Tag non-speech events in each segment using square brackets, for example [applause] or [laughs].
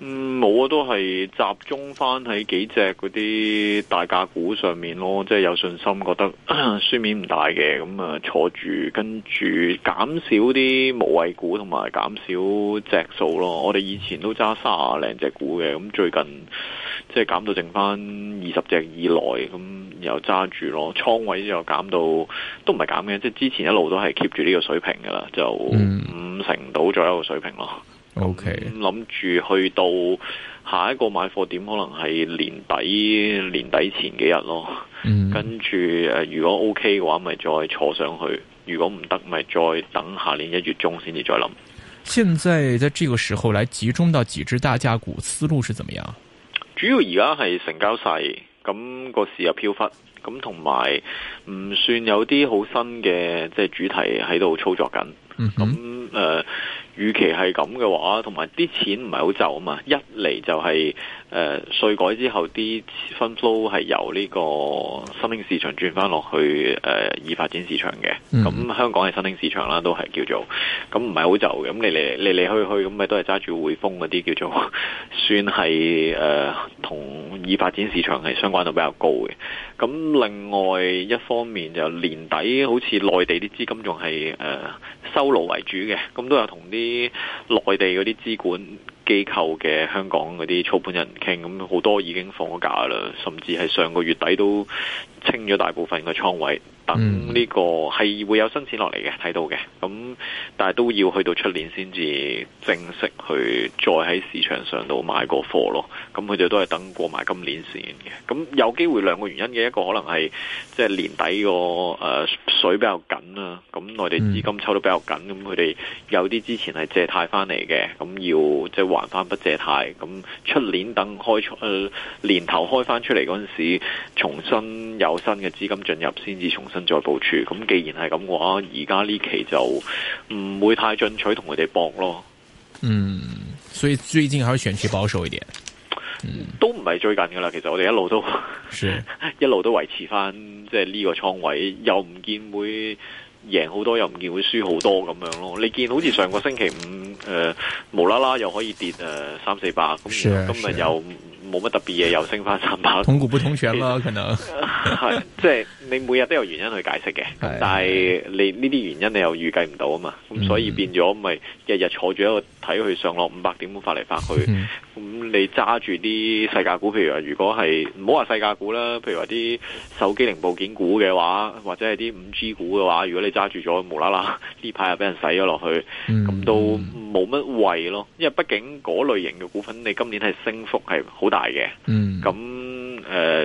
嗯，冇啊，都係集中翻喺幾隻嗰啲大價股上面咯，即係有信心覺得輸面唔大嘅，咁啊坐住跟住減少啲無謂股，同埋減少隻數咯。我哋以前都揸三廿零隻股嘅，咁最近即係減到剩翻二十隻以內，咁又揸住咯，倉位又減到都唔係減嘅，即係之前一路都係 keep 住呢個水平噶啦，就五成到左右嘅水平咯。O K，諗住去到下一個買貨點，可能係年底，年底前幾日咯。嗯、跟住、呃，如果 O K 嘅話，咪再坐上去；如果唔得，咪再等下年一月中先至再諗。現在在這個時候來集中到幾隻大價股，思路是怎麼樣？主要而家係成交細，咁、個市又飄忽，咁同埋唔算有啲好新嘅即係主題喺度操作緊。咁、嗯、誒。嗯呃預期係咁嘅話，同埋啲錢唔係好就啊嘛！一嚟就係、是、誒、呃、稅改之後啲 fund flow 係由呢個新興市場轉翻落去誒已、呃、發展市場嘅。咁、嗯、香港係新興市場啦，都係叫做咁唔係好就嘅。咁嚟嚟嚟嚟去去咁，咪都係揸住匯豐嗰啲叫做算係誒同已發展市場係相關度比較高嘅。咁另外一方面就年底好似內地啲資金仲係誒收路為主嘅，咁都有同啲。啲內地嗰啲資管。機構嘅香港嗰啲操盤人傾，咁好多已經放咗假啦，甚至係上個月底都清咗大部分嘅倉位，等呢、呢個係、嗯、會有新錢落嚟嘅，睇到嘅，咁但係都要去到出年先至正式去再喺市場上度買過貨咯，咁佢哋都係等過埋今年先嘅，咁有機會兩個原因嘅，一個可能係即係年底個誒水比較緊啦，咁內地資金抽得比較緊，咁佢哋有啲之前係借貸翻嚟嘅，咁要即係還。就是還翻不借貸，咁出年等開出誒、呃、年頭開翻出嚟嗰陣時，重新有新嘅資金進入，先至重新再部署。咁既然係咁嘅話，而家呢期就唔會太進取同佢哋搏咯。嗯，所以最近可以嘗試保守一點，嗯、都唔係最近噶啦。其實我哋一路都係 [laughs] 一路都維持翻，即係呢個倉位又唔見會。贏好多又唔見會輸好多咁樣咯，你見好似上個星期五誒、呃、無啦啦又可以跌誒、呃、三四百，咁今日又冇乜特別嘢又升翻三百，是是 [laughs] 同股不同市啦可能，即 [laughs] 係、就是、你每日都有原因去解釋嘅，但係你呢啲原因你又預計唔到啊嘛，咁所以變咗咪日日坐住一個睇佢上落五百點咁發嚟發去，咁、嗯、你揸住啲世界股，譬如話如果係唔好話世界股啦，譬如話啲手機零部件股嘅話，或者係啲五 G 股嘅話，如果你。揸住咗，無啦啦，呢排又俾人洗咗落去，咁、嗯、都冇乜謂咯。因為畢竟嗰類型嘅股份，你今年係升幅係好大嘅。咁誒，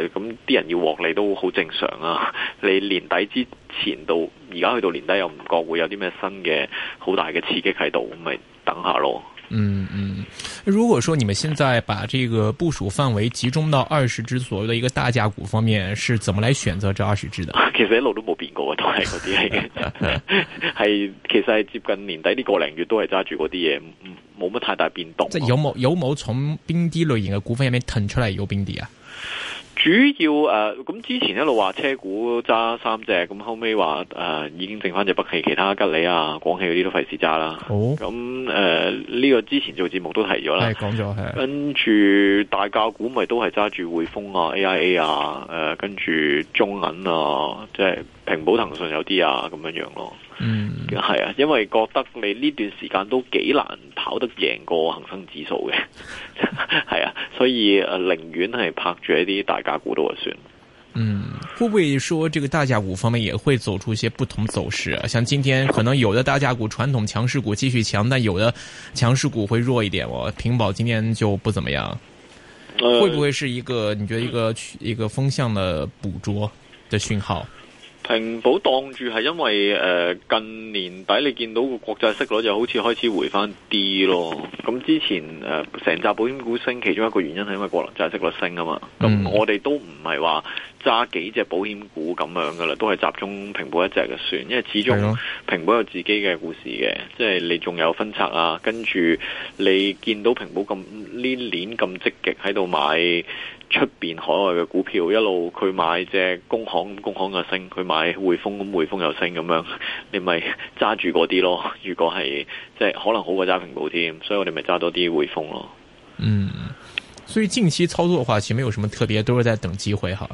咁啲人要獲利都好正常啊。你年底之前到而家去到年底，又唔覺會有啲咩新嘅好大嘅刺激喺度，咁咪等下咯。嗯嗯，如果說你們現在把這個部署範圍集中到二十隻左右的一個大價股方面，是怎麼來選擇這二十隻的？其實一路都冇變過，都係嗰啲係， [laughs] 是 [laughs] 其實係接近年底呢個零月都係揸住嗰啲嘢，冇乜太大變動。即、嗯、係有冇有冇從邊啲類型嘅股份入面騰出嚟？有邊啲啊？主要誒，咁、呃、之前一路話車股揸三隻，咁後尾話誒已經剩翻隻北汽，其他吉利啊、廣汽嗰啲都費事揸啦。好、哦，咁誒呢個之前做節目都提咗啦，係講咗，係跟住大價股咪都係揸住匯豐啊、AIA 啊，誒、呃、跟住中銀啊，即係。平保騰訊有啲啊咁樣樣咯，係、嗯、啊，因為覺得你呢段時間都幾難跑得贏過恒生指數嘅，係啊，所以誒寧願係拍住一啲大價股都算。嗯，會唔會說這個大價股方面也會走出一些不同走勢啊？像今天可能有的大價股傳統強勢股繼續強，但有的強勢股會弱一點。我、哦、平保今天就不怎麼樣，會唔會是一個你覺得一個一個風向的捕捉的訊號？平保當住係因為誒、呃，近年底你見到個國債息率就好似開始回翻啲咯。咁之前誒，成、呃、扎保險股升，其中一個原因係因為國債息率升啊嘛。咁、嗯、我哋都唔係話揸幾隻保險股咁樣噶啦，都係集中平保一隻嘅船。因為始終平保有自己嘅故事嘅，即係你仲有分拆啊。跟住你見到平保咁呢年咁積極喺度買。出邊海外嘅股票一路，佢買隻工行，工行又升；佢買匯豐咁，匯豐又升咁樣，你咪揸住嗰啲咯。如果係即係可能好過揸平保添，所以我哋咪揸多啲匯豐咯。嗯，所以近期操作嘅話，其實沒有什麼特別，都是在等機會哈。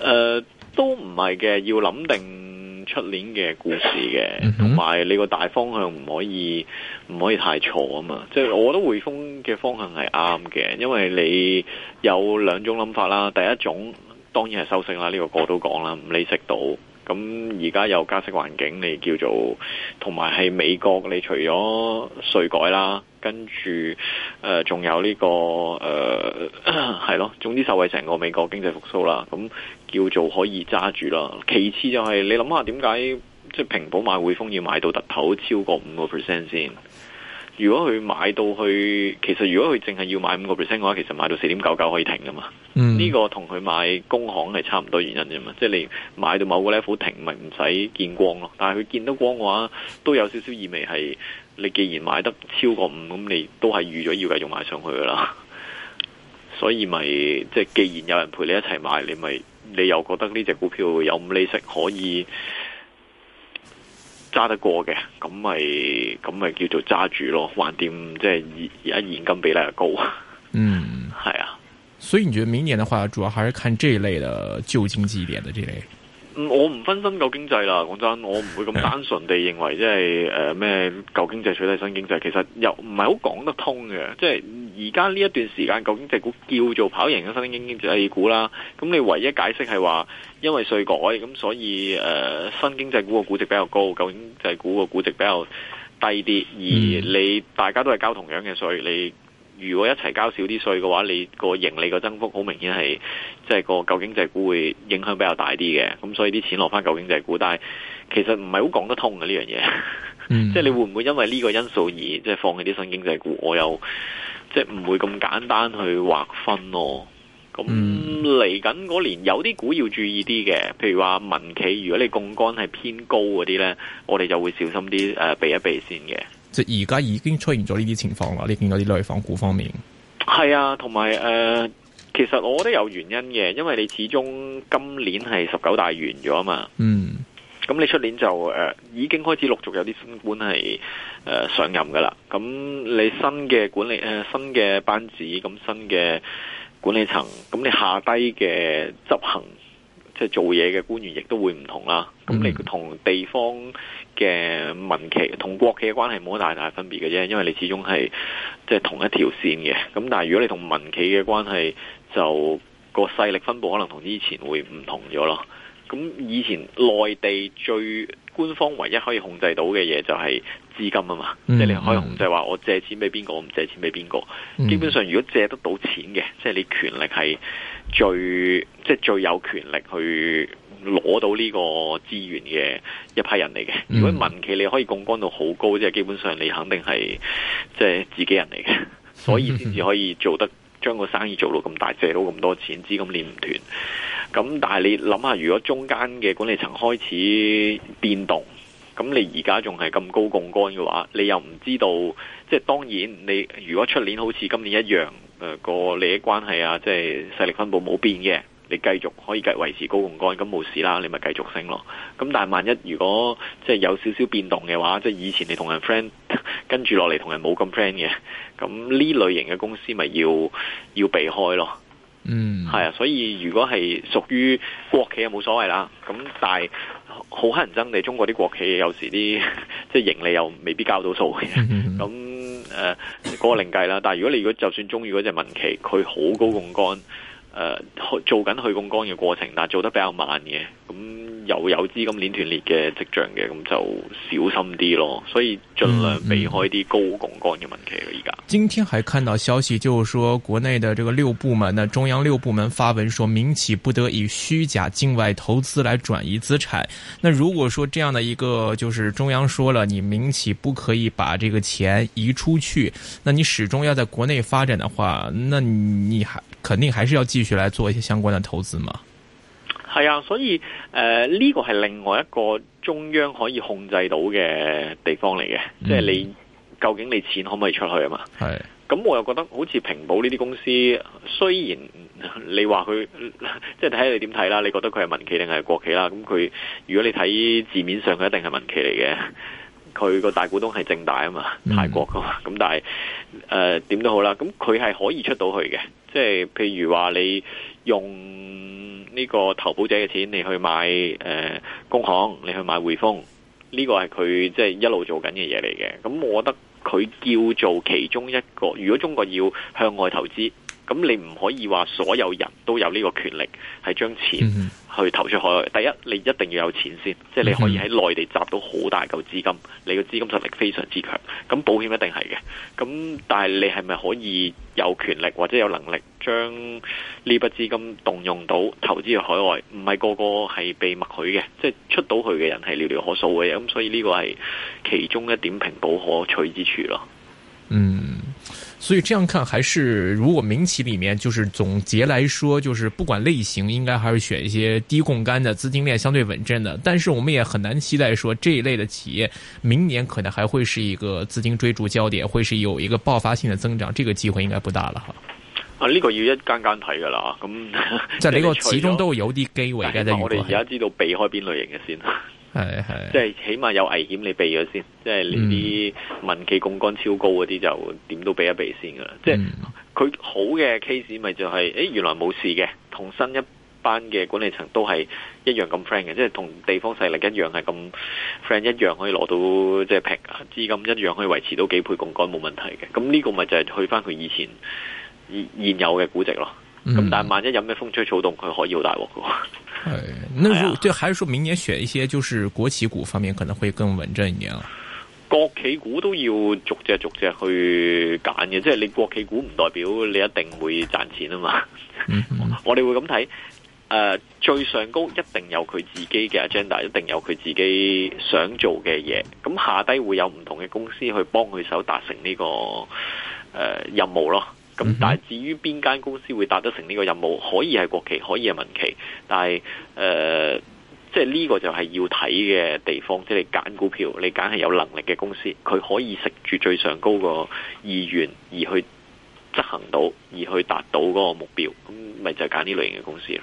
誒、呃，都唔係嘅，要諗定。七年嘅故事嘅，同埋你個大方向唔可以唔可以太錯啊嘛！即係我覺得匯豐嘅方向係啱嘅，因為你有兩種諗法啦。第一種當然係收息啦，呢個個都講啦，唔理食到。咁而家有加息環境，你叫做同埋係美國，你除咗稅改啦，跟住仲、呃、有呢、這個誒係咯，總之受惠成個美國經濟復蘇啦，咁叫做可以揸住啦。其次就係、是、你諗下點解即係平保買匯豐要買到凸頭超過五個 percent 先？如果佢買到去，其實如果佢淨係要買五個 percent 嘅話，其實買到四點九九可以停噶嘛。呢、嗯呢個同佢買工行係差唔多原因啫嘛。即係你買到某個 level 停，咪唔使見光咯。但係佢見到光嘅話，都有少少意味係，你既然買得超過五，咁你都係預咗要繼續買上去噶啦。所以咪即係，既然有人陪你一齊買，你咪你又覺得呢隻股票有五釐息可以。揸得過嘅，咁咪咁咪叫做揸住咯，橫掂即係而而家現金比例又高。嗯，係啊。所以你覺得明年的話，主要還是看這一類的舊經濟點的這一類。嗯，我唔分新舊經濟啦，講真，我唔會咁單純地認為即係誒咩舊經濟取代新經濟，其實又唔係好講得通嘅，即係。而家呢一段時間，舊經濟股叫做跑贏嘅新經濟股啦？咁你唯一解釋係話，因為稅改咁，所以誒、呃、新經濟股個估值比較高，舊經濟股個估值比較低啲？而你大家都係交同樣嘅稅，你如果一齊交少啲稅嘅話，你個盈利個增幅好明顯係即係個舊經濟股會影響比較大啲嘅？咁所以啲錢落翻舊經濟股，但係其實唔係好講得通嘅呢樣嘢。即、嗯、係 [laughs] 你會唔會因為呢個因素而即係放棄啲新經濟股？我又即係唔會咁簡單去劃分咯。咁嚟緊嗰年有啲股要注意啲嘅，譬如話民企，如果你槓桿係偏高嗰啲呢，我哋就會小心啲誒、呃、避一避先嘅。即係而家已經出現咗呢啲情況啦，你見到啲內房股方面。係啊，同埋誒，其實我覺得有原因嘅，因為你始終今年係十九大完咗啊嘛。嗯。咁你出年就誒、呃、已經開始陸續有啲新官係誒、呃、上任噶啦，咁你新嘅管理誒、呃、新嘅班子，咁新嘅管理層，咁你下低嘅執行即係、就是、做嘢嘅官員，亦都會唔同啦。咁你同地方嘅民企同國企嘅關係冇咁大大分別嘅啫，因為你始終係即係同一條線嘅。咁但係如果你同民企嘅關係，就個勢力分布可能同之前會唔同咗咯。咁以前內地最官方唯一可以控制到嘅嘢就係資金啊嘛，即、嗯、係你可以控制話我借錢俾邊個，我唔借錢俾邊個。基本上如果借得到錢嘅，即、就、係、是、你權力係最即係、就是、最有權力去攞到呢個資源嘅一批人嚟嘅、嗯。如果民企你可以槓桿到好高，即、就、係、是、基本上你肯定係即係自己人嚟嘅，所以先至可以做得將個生意做到咁大，借到咁多錢，資金鏈唔斷。咁但係你諗下，如果中間嘅管理層開始變動，咁你而家仲係咁高槓桿嘅話，你又唔知道，即係當然你如果出年好似今年一樣，呃，個利益關係啊，即係勢力分布冇變嘅，你繼續可以繼維持高槓桿，咁冇事啦，你咪繼續升咯。咁但係萬一如果即係有少少變動嘅話，即係以前你同人 friend 跟住落嚟同人冇咁 friend 嘅，咁呢類型嘅公司咪要要避開咯。嗯，係啊，所以如果係屬於國企就冇所謂啦。咁但係好乞人憎，你中國啲國企有時啲即係盈利又未必交到數嘅。咁、嗯、誒，呃嗰個另計啦。但係如果你如果就算中意嗰隻民企，佢好高槓桿，誒、呃，做緊去槓桿嘅過程，但係做得比較慢嘅，咁。又有資金鏈斷裂嘅跡象嘅，咁就小心啲咯。所以盡量避開啲高槓桿嘅問題。而家、嗯嗯、今天還看到消息，就是說國內的這個六部門，呢中央六部門發文，說民企不得以虛假境外投資來轉移資產。那如果說這樣的，一個就是中央說了，你民企不可以把這個錢移出去，那你始終要喺國內發展的話，那你還肯定還是要繼續來做一些相關的投資嘛？係啊，所以誒呢，呃這個係另外一個中央可以控制到嘅地方嚟嘅，嗯，即係你究竟你錢可唔可以出去啊？嘛係。咁我又覺得好似平保呢啲公司，雖然你話佢即係睇下你點睇啦，你覺得佢係民企定係國企啦？咁佢如果你睇字面上，佢一定係民企嚟嘅。佢個大股東係正大啊嘛，泰國㗎嘛。咁，嗯，但係誒點都好啦，咁佢係可以出到去嘅，即係譬如話你。用呢個投保者嘅錢，你去買誒工行，你去買匯豐，呢個係佢即係一路做緊嘅嘢嚟嘅。咁我覺得佢叫做其中一個。如果中國要向外投資。咁你唔可以話所有人都有呢個權力，係將錢去投出海外。第一，你一定要有錢先，即係你可以喺內地集到好大嚿資金，你個資金實力非常之強。咁保險一定係嘅。咁但係你係咪可以有權力或者有能力將呢筆資金動用到投資去海外？唔係個個係被默許嘅，即係出到去嘅人係寥寥可數嘅。咁所以呢個係其中一點平保可取之處咯。嗯。所以這樣看，還是如果民企裏面，就是總結來說，就是不管類型，應該還是選一些低槓桿的、資金鏈相對穩陣的。但是我們也很難期待說這一類的企業明年可能還會是一個資金追逐焦點，會是有一個爆發性的增長這機、啊，這個機、嗯、會應該不大了哈。啊，呢個要一間間睇噶啦，咁即係呢個始終都會有啲機會嘅。我哋而家知道避開邊類型嘅先。係係，即 [noise] 係、就是、起碼有危險你避咗先，即係呢啲民企槓桿超高嗰啲就點都避一避先噶啦。即係佢好嘅 case 咪就係、是、誒、欸、原來冇事嘅，同新一班嘅管理層都係一樣咁 friend 嘅，即係同地方勢力一樣係咁 friend，一樣可以攞到即係平資金，一樣可以維持到幾倍槓桿冇問題嘅。咁呢個咪就係去翻佢以前現有嘅估值咯。咁、嗯、但係萬一有咩風吹草動，佢可以好大鑊㗎。誒，那如、哎、對還是說明年選一些，就是國企股方面可能會更穩陣一點。國企股都要逐隻逐隻去揀嘅，即、就、係、是、你國企股唔代表你一定會賺錢啊嘛。嗯嗯，我哋會咁睇，誒、呃，最上高一定有佢自己嘅 agenda，一定有佢自己想做嘅嘢。咁下低會有唔同嘅公司去幫佢手達成呢、這個誒、呃、任務咯。咁、嗯、但係至於邊間公司會達得成呢個任務，可以係國企，可以係民企，但係誒、呃，即係呢個就係要睇嘅地方，即係你揀股票，你揀係有能力嘅公司，佢可以食住最上高個意願而去執行到，而去達到嗰個目標，咁咪就係揀呢類型嘅公司咯。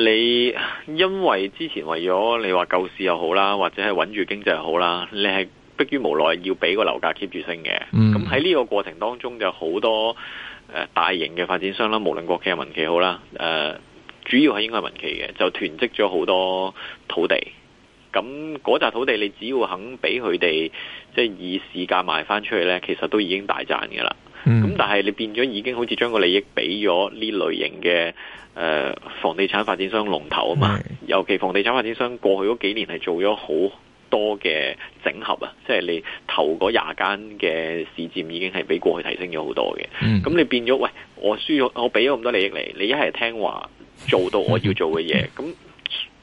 你因為之前為咗你話救市又好啦，或者係穩住經濟又好啦，你係迫於無奈要俾個樓價 keep 住升嘅。咁喺呢個過程當中，就好多大型嘅發展商啦，無論國企係民企好啦、呃，主要係應該係民企嘅，就囤積咗好多土地。咁嗰紮土地，你只要肯俾佢哋即係以市價賣翻出去呢，其實都已經大賺嘅啦。咁、嗯、但係你變咗已經好似將個利益俾咗呢類型嘅，誒、呃、房地產發展商龍頭啊嘛，尤其房地產發展商過去嗰幾年係做咗好多嘅整合啊，即、就、係、是、你頭嗰廿間嘅市佔已經係比過去提升咗好多嘅。咁、嗯、你變咗，喂，我輸咗，我俾咗咁多利益嚟，你一係聽話做到我要做嘅嘢，咁 [laughs]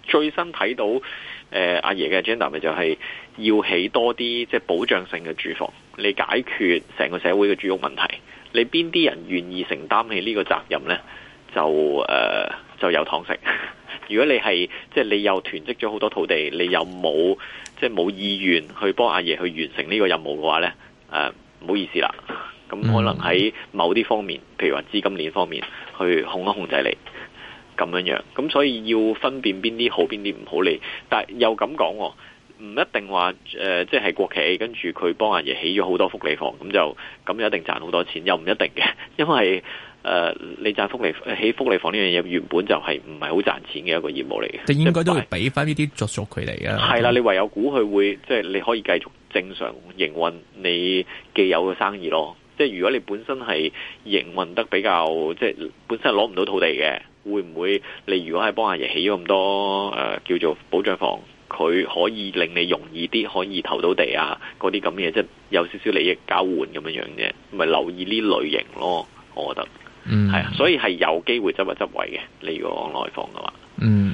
最新睇到誒阿爺嘅 agenda 咪就係要起多啲即係保障性嘅住房。你解決成個社會嘅住屋問題，你邊啲人願意承擔起呢個責任呢？就誒、呃、就有糖食。 [laughs] 如果你係即係你又囤積咗好多土地，你又冇即係冇意願去幫阿爺，爺去完成呢個任務嘅話呢，呃、唔好意思啦，咁可能喺某啲方面，譬如話資金鏈方面去控一控制你，咁樣樣。咁所以要分辨邊啲好，邊啲唔好你。但係又咁講、哦。唔一定話誒、呃，即係國企，跟住佢幫阿爺起咗好多福利房，咁就咁一定賺好多錢，又唔一定嘅，因為誒、呃，你賺福利起福利房呢樣嘢，原本就係唔係好賺錢嘅一個業務嚟嘅。你應該都會俾翻呢啲著數佢哋嘅。係啦，你唯有估佢會即係、就是、你可以繼續正常營運你既有嘅生意咯。即係如果你本身係營運得比較即係本身係攞唔到土地嘅，會唔會你如果係幫阿爺起咗咁多誒、呃、叫做保障房？佢可以令你容易啲可以投到地啊，嗰啲咁嘅，即係有少少利益交換咁樣樣啫。咪留意呢類型咯，我覺得，嗯，係啊，所以係有機會執一執位嘅，你如果往內房嘅話，嗯。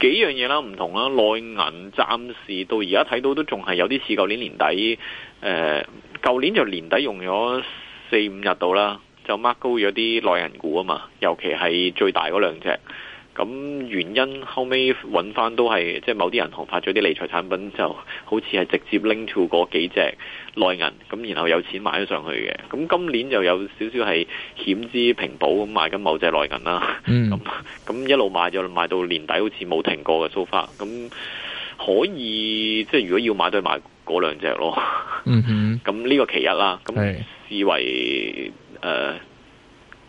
幾樣嘢啦，唔同啦。內銀暫時到而家睇到都仲係有啲似舊年年底，誒、呃，舊年就年底用咗四五日到啦，就 mark 高咗啲內銀股啊嘛，尤其係最大嗰兩隻。咁原因後尾揾翻都係即係某啲銀行發咗啲理財產品，就好似係直接拎到嗰幾隻內銀，咁然後有錢買咗上去嘅。咁今年就有少少係險資平保咁買緊某隻內銀啦。咁、嗯、咁一路買咗買到年底好似冇停過嘅 so far 咁可以即係如果要買都係買嗰兩隻咯。咁、嗯、呢個其一啦，咁視為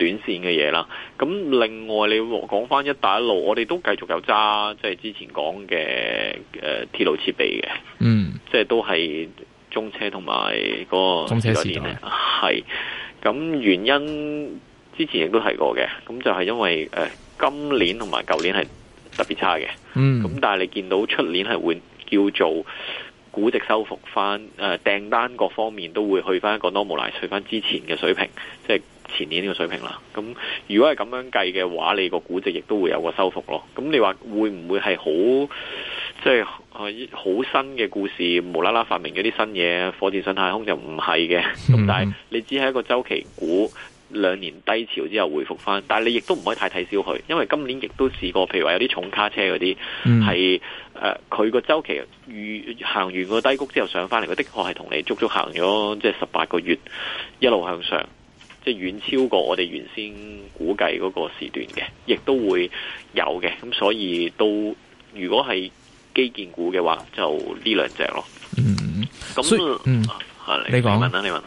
短線嘅嘢啦，咁另外你講翻一帶一路，我哋都繼續有揸，即係之前講嘅誒鐵路設備嘅，嗯，即係都係中車同埋嗰個中車時代，係，咁原因之前亦都提過嘅，咁就係因為誒今年同埋舊年係特別差嘅，咁但係你見到出年係會叫做估值收復翻，誒訂單各方面都會去翻一個 normalise 去翻之前嘅水平，即係。前年呢個水平啦，咁如果係咁樣計嘅話，你個估值亦都會有個收復咯。咁你話會唔會係好即係好新嘅故事？無啦啦發明嗰啲新嘢，火箭上太空就唔係嘅。咁但係你只係一個周期股，兩年低潮之後回復翻，但係你亦都唔可以太睇小佢，因為今年亦都試過，譬如話有啲重卡車嗰啲係誒，佢個周期行完個低谷之後上翻嚟，佢的確係同你足足行咗即係十八個月一路向上。即係遠超過我哋原先估計嗰個時段嘅，亦都會有嘅。咁所以都如果係基建股嘅話，就呢兩隻咯。咁嗯，嗯，你講啊，你問。誒、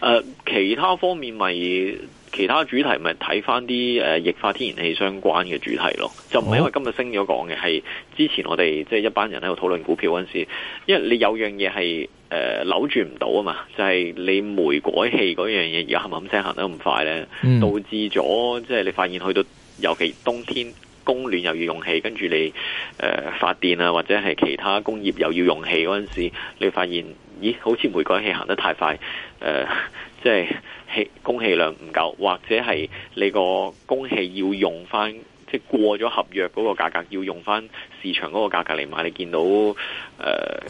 呃，其他方面咪、就是、其他主題咪睇返啲誒液化天然氣相關嘅主題咯。就唔係因為今日升咗講嘅，係、哦、之前我哋即係一班人喺度討論股票嗰陣時，因為你有樣嘢係。誒、呃，扭住唔到啊嘛，就係、是、你煤改氣嗰樣嘢而家冚冚聲行得咁快咧、嗯，導致咗即係你發現去到尤其冬天供暖又要用氣，跟住你誒、呃、發電啊或者係其他工業又要用氣嗰陣時，你發現咦好似煤改氣行得太快，誒即係氣供氣量唔夠，或者係你個供氣要用翻。即係過咗合約嗰個價格，要用翻市場嗰個價格嚟買。你見到誒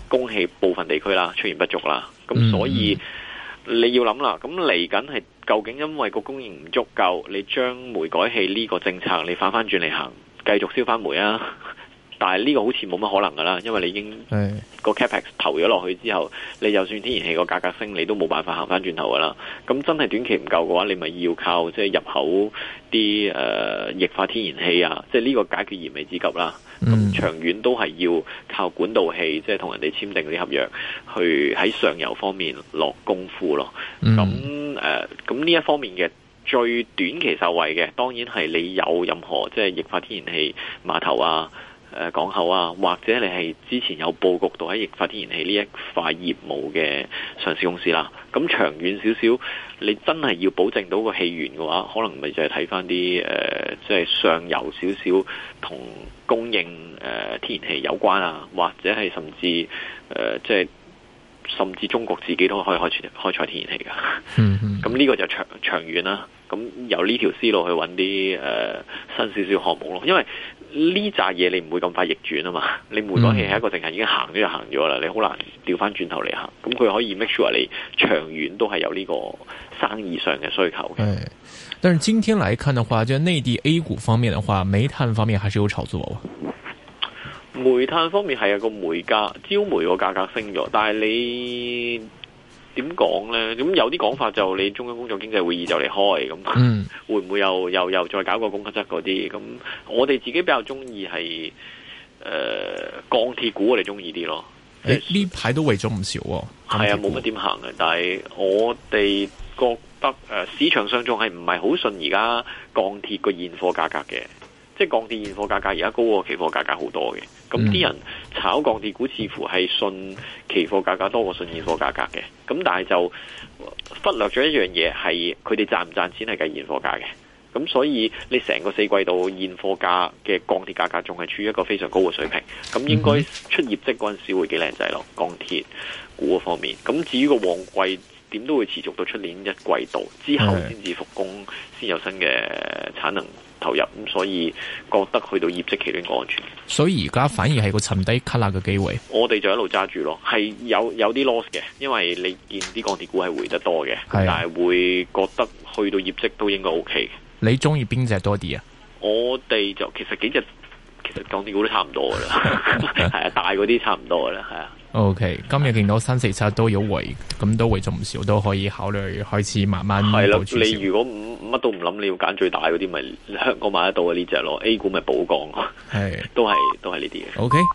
供氣部分地區啦出現不足啦，咁所以你要諗啦。咁嚟緊係究竟因為個供應唔足夠，你將煤改氣呢個政策，你反返轉嚟行，繼續燒翻煤啊？但係呢個好似冇乜可能噶啦，因為你已經個 capex 投咗落去之後，你就算天然氣個價格升，你都冇辦法行翻轉頭噶啦。咁真係短期唔夠嘅話，你咪要靠即係入口啲誒、呃、液化天然氣啊，即係呢個解決燃眉之急啦。咁長遠都係要靠管道氣，即係同人哋簽訂啲合約，去喺上游方面落功夫咯。咁誒、咁、呃、呢一方面嘅最短期受惠嘅，當然係你有任何即係、就是、液化天然氣碼頭啊。誒、呃，港口啊，或者你係之前有布局到喺液化天然氣呢一塊業務嘅上市公司啦。咁長遠少少，你真係要保證到個氣源嘅話，可能咪就係睇翻啲誒，即、呃、係、就是、上游少少同供應誒、呃、天然氣有關啊，或者係甚至誒，即、呃、係、就是、甚至中國自己都可以開採開採天然氣噶。咁 [laughs] 呢個就長長遠啦、啊。咁由呢條思路去揾啲誒新少少項目咯，因為。呢扎嘢你唔會咁快逆轉啊嘛，你煤改氣係一個定係已經行咗就行咗啦，你好難調翻轉頭嚟行。咁佢可以 make sure 你長遠都係有呢個生意上嘅需求嘅。但係今天來看嘅話，就在內地 A 股方面嘅話，煤炭方面還是有炒作。煤炭方面係有個煤價，焦煤個價格升咗，但係你。點講呢？咁有啲講法就是你中央工作經濟會議就嚟開咁，會唔會又、嗯、又，又再搞個供給側嗰啲？咁我哋自己比較中意係誒鋼鐵股，我哋中意啲咯。呢排都為咗唔少，係啊，冇乜點行嘅。但係我哋覺得、呃、市場上仲係唔係好信而家鋼鐵個現貨價格嘅，即係鋼鐵現貨價格而家高過期貨價格好多嘅。咁啲人。嗯炒鋼鐵股似乎係信期貨價格多過信現貨價格嘅，咁但係就忽略咗一樣嘢係佢哋賺唔賺錢係計現貨價嘅，咁所以你成個四季度現貨價嘅鋼鐵價格仲係處於一個非常高嘅水平，咁應該出業績嗰陣時會幾靚仔咯，鋼鐵股方面。咁至於個旺季點都會持續到出年一季度之後先至復工，先有新嘅產能。投入咁，所以覺得去到業績期應該安全。所以而家反而係個趁低吸納嘅機會。我哋就一路揸住咯，係有有啲 loss 嘅，因為你見啲鋼鐵股係回得多嘅，但係會覺得去到業績都應該 OK 嘅。你中意邊隻多啲啊？我哋就其實幾隻。港啲股都差唔多噶啦，係 [laughs] 啊，大嗰啲差唔多噶啦，係啊。O、okay, K，今日見到三四七都有回，咁都會仲唔少，都可以考慮開始慢慢係、啊、你如果乜都唔諗，你要揀最大嗰啲咪，就是、香港買得到嘅呢隻咯，A 股咪寶鋼，係都係都係呢啲。O K。